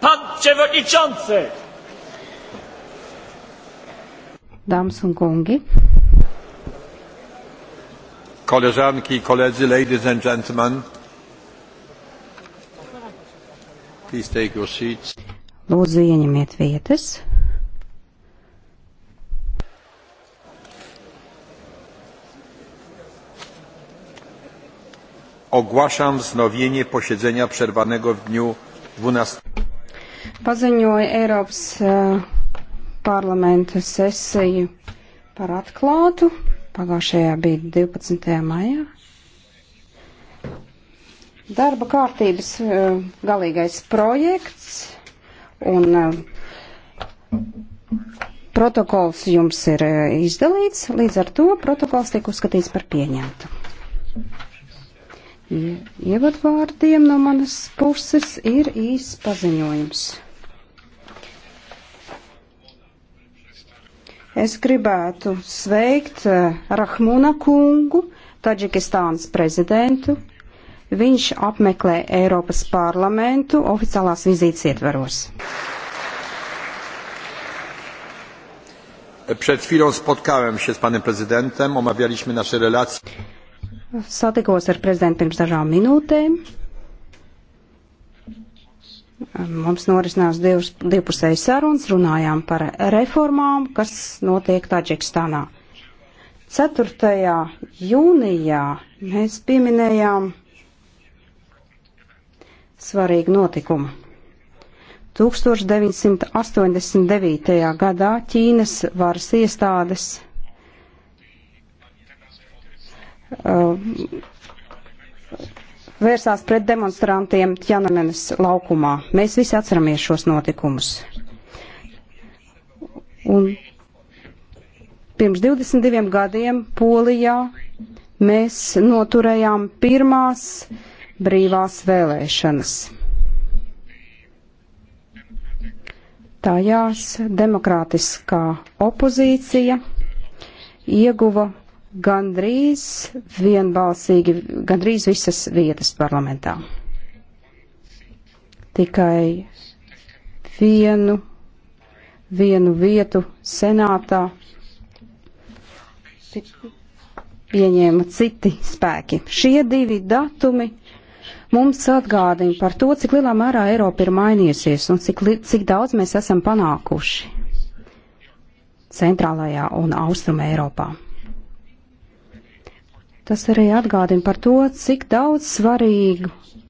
Pan Przewodniczący! Dāmas un kungi. Koleżanki i koledzy, ladies and gentlemen. Please take your seats. Lūdzu, ieņemiet vietas. Ogłaszam wznowienie posiedzenia przerwanego w dniu 12 paziņoja Eiropas uh, parlamenta sesiju par atklātu. Pagājušajā bija 12. maijā. Darba kārtības uh, galīgais projekts un uh, protokols jums ir izdalīts, līdz ar to protokols tiek uzskatīts par pieņemtu. Ievadvārdiem no manas puses ir īsts paziņojums. Es gribētu sveikt eh, Rahmuna kungu, Taģikistānas prezidentu. Viņš apmeklē Eiropas parlamentu oficiālās vizītes ietveros. Przed chwilą spotkałem się z panem prezydentem, omawialiśmy nasze relacje. Satikos ar prezidentu pirms dažām minūtēm. Mums norisinās divas, divpusēji sarunas, runājām par reformām, kas notiek Taģikstānā. 4. jūnijā mēs pieminējām svarīgu notikumu. 1989. gadā Ķīnas varas iestādes uh, vērsās pret demonstrantiem Tjanamenes laukumā. Mēs visi atceramies šos notikumus. Un pirms 22 gadiem Polijā mēs noturējām pirmās brīvās vēlēšanas. Tajās demokrātiskā opozīcija ieguva gandrīz vienbalsīgi, gandrīz visas vietas parlamentā. Tikai vienu, vienu vietu senātā ieņēma citi spēki. Šie divi datumi mums atgādina par to, cik lielā mērā Eiropa ir mainījusies un cik, cik daudz mēs esam panākuši centrālajā un austruma Eiropā. Tas arī atgādina par to, cik daudz svarīgu